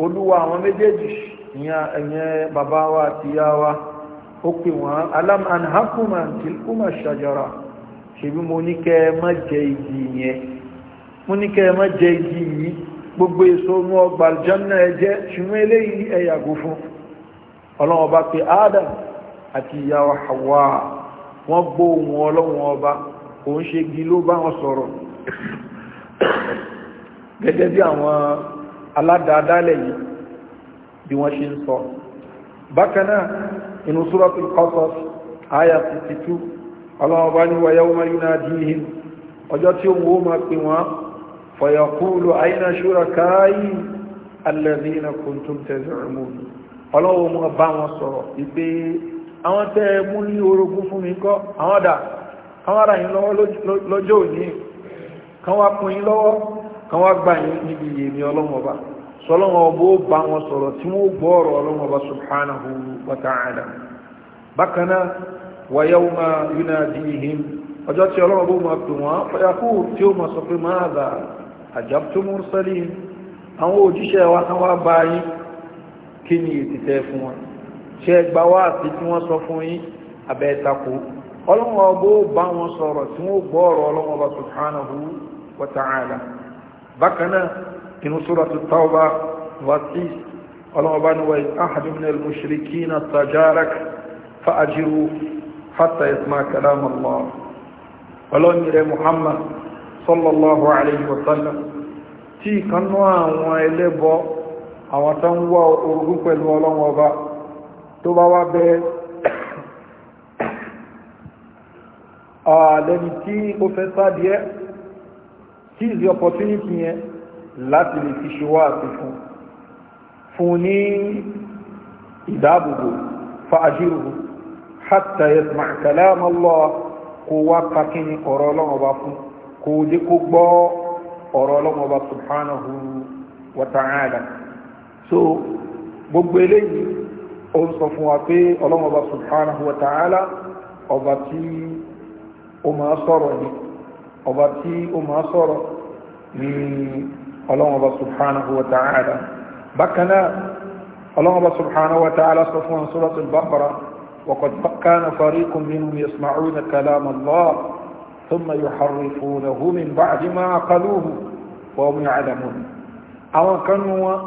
olúwa àwọn méjèèjì ìyẹn bàbá wa àti ìyá wa ó pè wọ́n alam anhakuma tilkuma shajara ṣebí mo ní kẹ́ ẹ má jẹ igi yẹn mo ní kẹ́ ẹ má jẹ igi yìí gbogbo èso inú ọgbà aljanna ẹ jẹ ṣùgbọ́n eléyìí ẹ yàgò fún ọlọ́run ọba pé adam àti ìyá wa hawa wọ́n gbóhùn ọlọ́run ọba òun ṣe gi ló bá wọn sọ̀rọ̀ gẹ́gẹ́ bí àwọn aládàádálẹ̀ yìí bí wọ́n ṣe ń sọ bákanáà inú suratul Qasas àyà 62 ọlọ́wọ́ bá ní wa yawma yunadihim ọjọ́ tí ó mú ma pè wọ́n fa yaqulu ayna shurakai alladhina kuntum taz'umun ọlọ́wọ́ lọ́wọ́ lọ́jọ́ òní gbà yìí níbi sọlọ́wọ́n ọba ó bá wọn sọ̀rọ̀ tí wọ́n gbọ́ ọ̀rọ̀ ọlọ́wọ́n ọba wa ta'ala bákan náà wa yawma yunadihim ọjọ́ tí ọlọ́wọ́n ọba máa pè wọ́n fayakú tí ó máa sọ pé máa mursalin àwọn òjíṣẹ́ wa kan wá bá yín kí ni ètìtẹ́ fún wọn ṣe gba wá tí wọ́n sọ fún yín wọn sọ̀rọ̀ tí wọ́n bá bákan náà inú suratu tauba verse 6 ọlọ́ọ̀bá ni wọ́n ahadu min al-mushrikina tajarak fa ajiru hatta yasma kalam Allah ọlọ́ni rẹ̀ Muhammad sallallahu alayhi wa sallam tí kanú àwọn ẹlẹ́bọ àwọn tán wá orogún ààlẹ́ni tí ó fẹ́ sáàdìẹ́ seize the opportunity yẹn láti lè fi ṣe wá àti fún fún ní ìdáàbòbò fa'ajiruhu hatta yasma' kalam Allah kó wá kakíní ọ̀rọ̀ ọlọ́run fún kó dé kó gbọ́ ọ̀rọ̀ ọlọ́run subhanahu wa so gbogbo eléyìí ó ń sọ fún wa pé ọlọ́run ọba subhanahu wa ọba tí ó máa sọ̀rọ̀ ni ọba tí ó máa sọ̀rọ̀ ni ọlọ́wọ́n bá subhanahu wa ta'ala bákanáà ọlọ́wọ́n bá subhanahu wa ta'ala sọ fún suratul baqara وقد كان فريق منهم يسمعون كلام الله ثم يحرفونه من بعد ما عقلوه وهم يعلمون àwọn kan wọ́n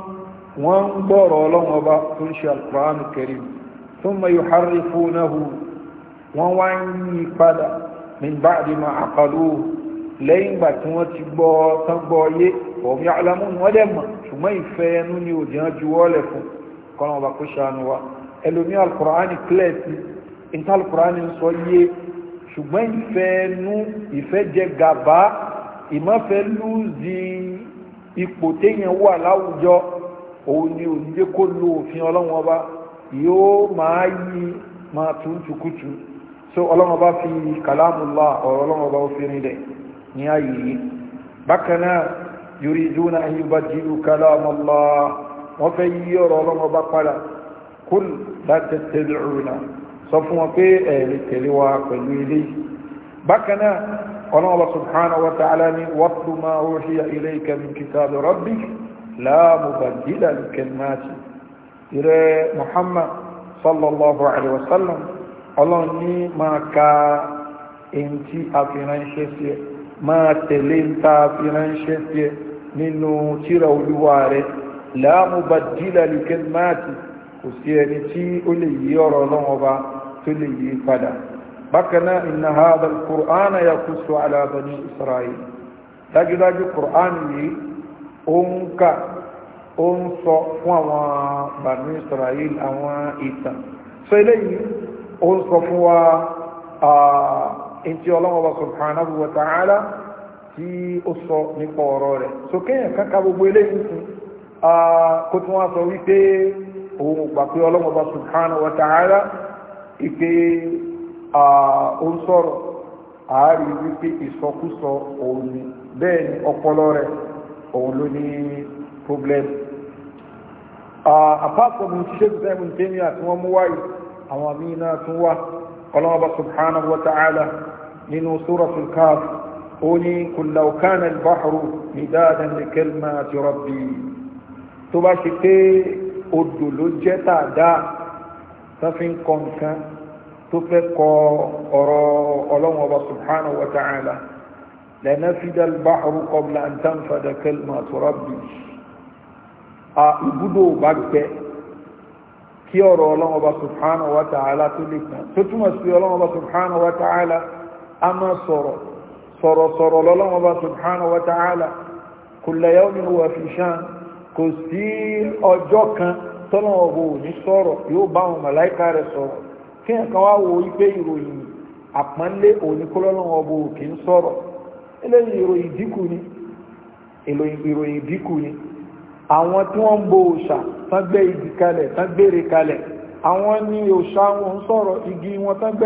ń gbọ́rọ̀ ọlọ́wọ́n bá tó ń ṣe al-Qur'an al-Karim ثم يحرفونه wọ́n wá ń yí padà من بعد ما عقلوه lẹ́yìn gbà tí wọ́n ti gbọ́ tán gbọ́ yé wọ́n yà lámúnú wọ́n dẹ̀ mọ̀ ṣùgbọ́n ìfẹ́ ẹnu ni ò jẹun ju wọ́ọ̀lẹ̀ fún kọ́nà ọba kó ṣàánú wa ẹlòmí alukur'ani kílẹ̀ sí ìta alukur'ani ń sọ yé ṣùgbọ́n ìfẹ́ ẹnu ìfẹ́ jẹ gàba ìmọ̀fẹ́ lùzì ipò téèyàn wà láwùjọ òun ni ò ní jẹ́ kó lo òfin ọlọ́run ọba yóò máa yí máa tún tukutu so ọlọ́run ọba fi kàlámùlá ọ̀rọ̀ ọlọ́run ọba ó fi rinlẹ̀ ní ayé yìí bákan náà يريدون أن يبدلوا كلام الله وغير لهم بقلا قل لا تتبعونا صفوا في أهل التلواء قليلي بكنا قال الله سبحانه وتعالى واتل ما أوحي إليك من كتاب ربك لا مبدل لكلماته إلى محمد صلى الله عليه وسلم الله ني ما كا انتي أفنان ما تلين تافنان شفيه nínú tírà olúwa rẹ̀ láàmú bá dílà lùkẹ́ máàtì kò sí ẹni tí ó lè yí ọ̀rọ̀ ọlọ́run ọba tó lè yí padà bákanáà iná haɗa kùránà ya kú sọ alábàní israel dájúdájú kùránì yìí ó ń ka ó ń sọ fún àwọn bàní israel àwọn ìtàn so eléyìí ó ń sọ fún wa ẹni tí ọlọ́run ọba tí ó sọ nípa ọ̀rọ̀ rẹ̀ sókèyàn kankan gbogbo eléyìí fún kó tún wá sọ wípé òun gbà pé ọlọ́mọba subhanahu wa ta'ala ìpè ó ń sọ̀rọ̀ ààrí wípé ìsọkúsọ òun ni bẹ́ẹ̀ ni ọpọlọ rẹ̀ òun ló ní problem àpapọ̀ mú ṣe sẹ́mù tẹ́mi àti wọ́n mú wáyé àwọn àmì náà tún wá ọlọ́mọba subhanahu wa ta'ala nínú suratul Kahf oni kullau kana al-bahru midadan li kalimati rabbi tó bá ṣe pé odò ló jẹ́ tàdá tó fi ń kọ nǹkan tó fẹ́ kọ ọ̀rọ̀ ọlọ́run ọba subhanahu wa ta'ala la nafida al-bahru qabla an tanfada kalimatu rabbi a ibùdó bá gbẹ kí ọ̀rọ̀ ọlọ́run ọba subhanahu wa ta'ala tó lè kàn tó túmọ̀ sí ọlọ́run ọba subhanahu wa ta'ala a máa sọ̀rọ̀ sọ̀rọ̀sọ̀rọ̀ lọ́lọ́wọ́ bá subhanahu wa ta'ala ya yawmin wà fi kò sí ọjọ́ kan tọ́lọ́wọ́ bò ní yóò bá àwọn màláìka rẹ̀ sọ̀rọ̀ kí ẹ̀kan wá wo ipe ìròyìn àpọ́nlé òní ni ìròyìn ni àwọn tí wọ́n ń bo òòṣà tán gbé igi àwọn ní òòṣà wọn ń sọ̀rọ̀ igi wọn tán gbé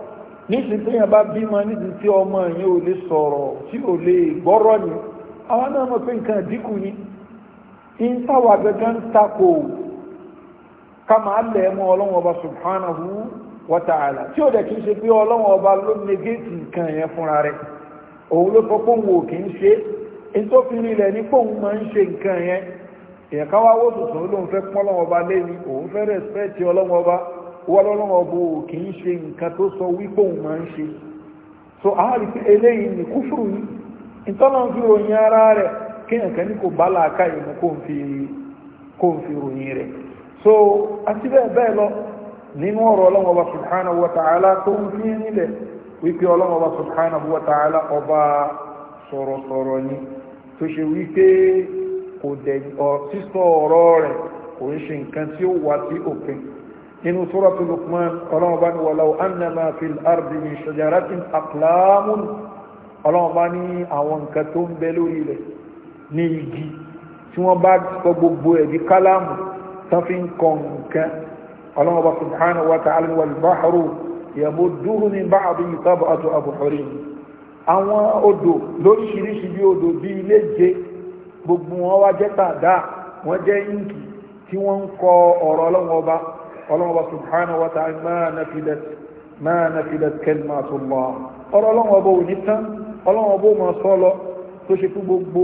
nísìsiyìí yẹn bá bímọ nísìsiyìí ọmọ yẹn ò lè sọ̀rọ̀ tí ò lè gbọ́rọ̀ ni àwọn náà mọ̀ pé nǹkan dínkù ni ń táwà gẹ́gẹ́ ń takò ká máa lẹ̀ mọ́ ọlọ́wọ́n ọba subhanahu wa ta'ala tí ó dẹ̀ kí ń ṣe pé ọlọ́wọ́n ọba ló negéètì nǹkan yẹn fúnra rẹ̀ òun ló sọ pé òun ò kì ń ṣe ń tó fi rí rẹ̀ ní pé òun máa ń ṣe nǹkan yẹn èèyàn ká wá wó sùsùn ó lóun fẹ́ pọ́n ọlọ́wọ́n ọba lẹ́yìn òun fẹ́ rẹ̀spẹ́ẹ̀tì ọlọ́wọ́n ọba wọ́n lọ́lọ́wọ́ ọbọ̀ kì í ṣe nǹkan tó sọ wípé òun ń ṣe so àárí pé eléyìí ní kúfùrù yìí ìtọ́nà ń fi ròyìn ara rẹ̀ kí nǹkan ní kò bá làákà ìmú kó ń fi ròyìn rẹ̀ so àti bẹ́ẹ̀ bẹ́ẹ̀ lọ nínú ọ̀rọ̀ ọlọ́wọ́ subhanahu wa ta'ala tó ń fi nílẹ̀ wípé ọlọ́wọ́ ọba subhanahu wa ta'ala ọba sọ̀rọ̀sọ̀rọ̀ ni tó ṣe wípé kò dẹ̀ sísọ ọ̀rọ̀ rẹ̀ kò ń ṣe nǹkan tí ó wà sí òpin nínú suratu Luqman ọlọ́ọ̀bá ní walau anna ma fil ardi min shajaratin aqlamun ọlọ́ọ̀bá ní àwọn nǹkan tó ń bẹ lórí rẹ̀ ní igi tí wọ́n bá sọ gbogbo ẹ̀dí kálámù tán fi ń kọ nǹkan ọlọ́ọ̀bá subhanahu wa ta'ala wal bahru yamudduhu min ba'dihi sab'atu abhurin àwọn odò lóríṣiríṣi bí odò bí ilé je gbogbo wọn wá jẹ́ tàdá wọn jẹ́ íǹkì tí wọ́n ń kọ ọ̀rọ̀ ọlọ́wọ́ ọba ọlọ́wọ́ subhanahu wa ta'ala máa nafidat máa nafidat kalimatullah ọ̀rọ̀ ọlọ́wọ́ bó ní tán ọlọ́wọ́ bó máa sọ lọ tó ṣe fún gbogbo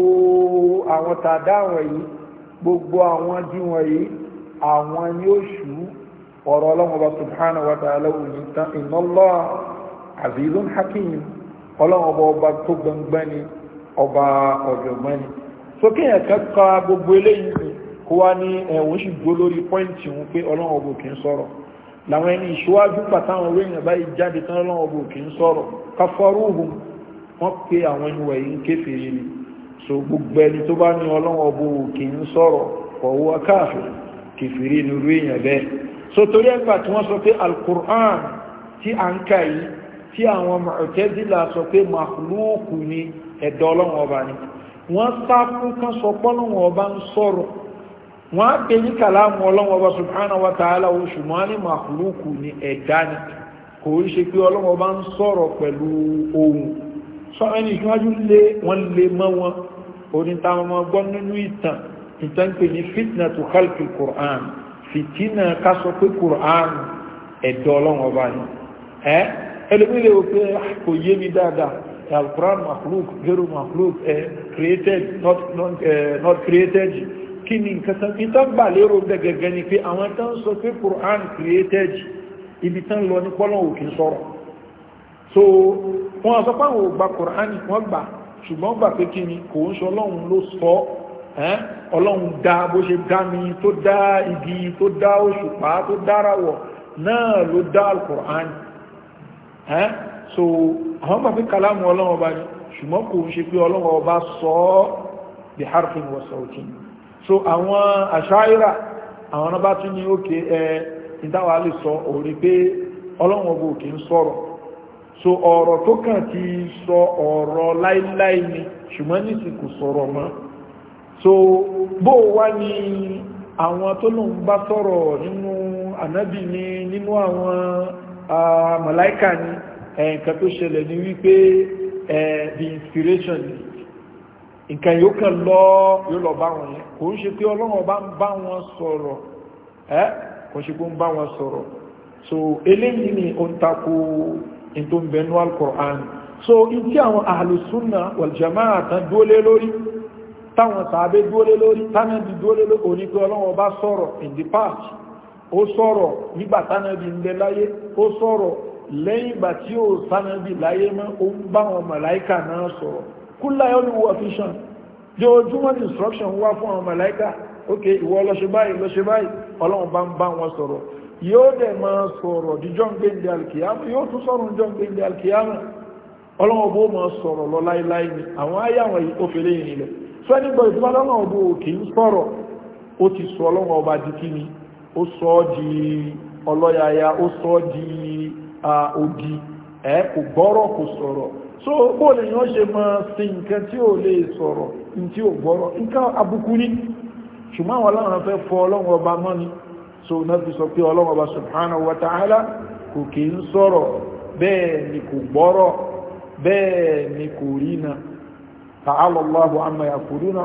àwọn tàdá wọ̀nyí gbogbo àwọn jí wọ̀nyí àwọn ni ó ṣù ọ̀rọ̀ ọlọ́wọ́ subhanahu wa ta'ala ní tán innallaha azizun hakim ọlọ́wọ́ ọba tó gbọngbọ́n ọba ọ̀jọ̀gbọ́n sókè yẹn kẹ́kọ̀ọ́ gbogbo eléyìí kó wá ní ẹ̀wọ̀n sì dúró lórí pọ́ìntì wọn pé ọlọ́run ọbọ̀ kì í sọ̀rọ̀ làwọn ẹni ìṣíwájú pàtàwọn oríyìn báyìí jáde tán ọlọ́run ọbọ̀ kì í sọ̀rọ̀ wọn pe àwọn ẹni ni so gbogbo ẹni tó ní ọlọ́run kì í sọ̀rọ̀ ọ̀wọ́ káàfin orí so torí ẹgbà tí wọ́n sọ pé al tí a ń kà tí wọ́n á pè ní kàlámù ọlọ́wọ́n ọba subhanahu wa ta'ala oṣù mọ́ ní màkúlùkù ní ẹ̀dá ni kò ń ṣe pé ọlọ́wọ́n ọba ń sọ̀rọ̀ pẹ̀lú ohun sọ ẹni ìṣáájú lé wọn lé mọ́ wọn onítàwọn ọmọ gbọ́ nínú ìtàn ìtàn pè ní fitnatu khalqi Qur'an fìtínà ká sọ pé Qur'an ẹ̀dọ́ ọlọ́wọ́n ni ẹ ẹlòmílẹ̀ wò ah, kò yé mi dáadáa Al-Qur'an makhluk gẹ́rù makhluk created not, not, uh, not created kí ni nǹkan tán ìtàn gbà lérò bẹ́ gẹ̀gẹ́ ni pé àwọn tán sọ pé Quran created ibi tán lọ ní pọ́lọ̀ òkè sọ̀rọ̀ so wọ́n sọ pé àwọn ò gba Quran wọ́n gbà ṣùgbọ́n gbà pé kí ni kò ń sọ ọlọ́run ló sọ ọlọ́run dá bó ṣe dá mi tó dá igi tó dá òṣùpá tó dárawọ̀ náà ló dá al-Qur'an so àwọn bá fi kàlámù ọlọ́run ọba ni ṣùgbọ́n kò ń ṣe pé ọlọ́run ọba sọ ọ́ bí harfin wa sautin so àwọn àṣáírà àwọn ọba tún ní òkè ẹ sọ òrí pé ọlọ́run ọgbọ̀ sọrọ ń sọ̀rọ̀ so ọ̀rọ̀ tó kàn ti sọ ọ̀rọ̀ láíláí ni ṣùgbọ́n ní kò sọ̀rọ̀ mọ́ so bó wá ní àwọn tó lóun bá sọ̀rọ̀ nínú ni nínú àwọn ni nǹkan tó ṣẹlẹ̀ wípé the inspiration nǹkan yóò kàn lọ yóò lọ bá wọn yẹn kò ń ṣe pé ọlọ́run ọba ń bá wọn sọ̀rọ̀ ẹ́ kò ń ṣe pé ń bá wọn sọ̀rọ̀ so eléyìí ni ó ń takò ètò ìbẹ̀nú al-Qur'an so ìdí àwọn ahlùsúnà wal-jama'a àtàn dúólé lórí táwọn sàábé dúólé lórí tánàbí dúólé lórí òní pé ọlọ́run ọba sọ̀rọ̀ in the past ó sọ̀rọ̀ nígbà tánàbí ń bẹ láyé ó sọ̀rọ̀ lẹ́yìn ìgbà tí ó tánàbí láyé mọ́ ó ń bá wọn màláìkà náà sọ̀rọ̀ kúlá yọ́lù wọ́ fíṣàn jọjúmọ́ instruction wá fún àwọn màláíkà ok ìwọ lọ́ṣe báyìí lọ́ṣe báyìí ọlọ́run bá ń bá wọn sọ̀rọ̀ yóò dẹ̀ máa sọ̀rọ̀ di john gbendé alkiyama yóò tún sọ̀rọ̀ john gbendé alkiyama ọlọ́run bó máa sọ̀rọ̀ lọ láíláí ni ó ti sọ ọlọ́run ọba di kí ni ó sọ ọ́ di ọlọ́yàyà ó sọ ọ́ kò gbọ́rọ̀ kò sọ̀rọ̀ so bóòlù yóò ṣe máa sí nǹkan tí ò lè sọ̀rọ̀ tí ò gbọ́rọ̀ nǹkan abúkú ní ṣùgbọ́n àwọn ọlọ́run fẹ́ fọ ọlọ́run ọba mọ́ ni so náà fi sọ pé ọlọ́run ọba subhanahu wa ta'ala kò kì ń sọ̀rọ̀ bẹ́ẹ̀ ni kò gbọ́rọ̀ bẹ́ẹ̀ ni kò rí na ta'ala Allahu amma yaquluna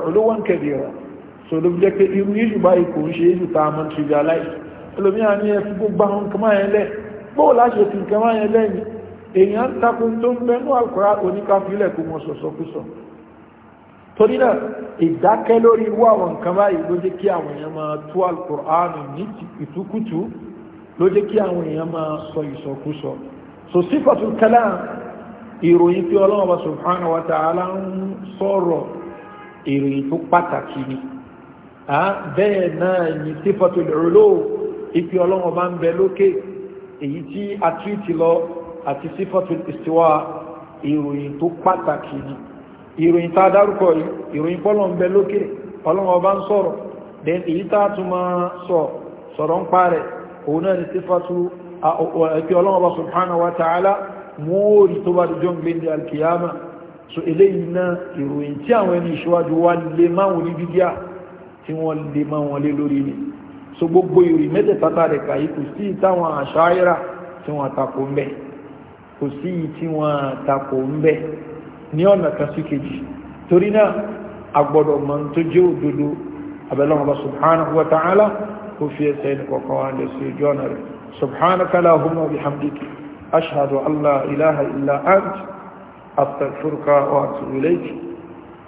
èèyàn ń takun tó ń bẹnú àkùrá oníkàfílẹ̀ kó mọ sọ̀sọ̀kúsọ̀ torí náà ìdákẹ́ lórí irú àwọn nǹkan báyìí ló jẹ́ kí àwọn èèyàn máa tú alkùránù ní ìtúkùtù ló jẹ́ kí àwọn èèyàn máa sọ ìsọkúsọ so sífàtú kálá ìròyìn tí ọlọ́run ọba subhanahu wa ta'ala ń sọ̀rọ̀ ìròyìn tó pàtàkì ni bẹ́ẹ̀ náà ni sífàtú ìlú ìpí ọlọ́run ọba ń bẹ lókè èyí tí a túìtì lọ àti sífọ́tù ìstíwá ìròyìn tó pàtàkì ni ìròyìn tá dárúkọ yìí ìròyìn pọ́lọ̀ ń bẹ lókè ọlọ́run ọba ń sọ̀rọ̀ then èyí tá tún máa sọ sọ̀rọ̀ ń parẹ̀ òun náà sífọ́tù ẹ̀kí ọlọ́run wa ta'ala mórí tó bá dújọ́ ń gbé ní alkiyama so eléyìí náà ìròyìn tí àwọn ẹni wa lè máwọn wọ́n lè máwọn so gbogbo ìròyìn mẹ́tẹ̀ẹ̀ta tá rẹ̀ kàyí kò sí ìtàwọn àṣà kò sí yìí tí wọ́n takò ń bẹ̀ ní ọ̀nà kan sí kejì torí náà agbọ́dọ̀ mọ̀ tó jẹ́ òdodo abẹ́lẹ́wọ̀n subhanahu wa ta'ala kò fi ẹsẹ̀ ẹni kọ̀ọ̀kan wá lè sí ojú ọ̀nà rẹ̀ subhanaka lahumma wa bihamdika ashhadu an la ilaha illa ant astaghfiruka wa atubu ilayk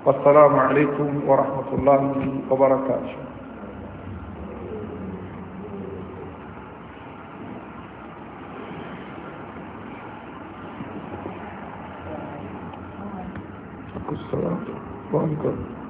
wassalamu alaikum wa rahmatullahi wa barakatuh السلام وعليكم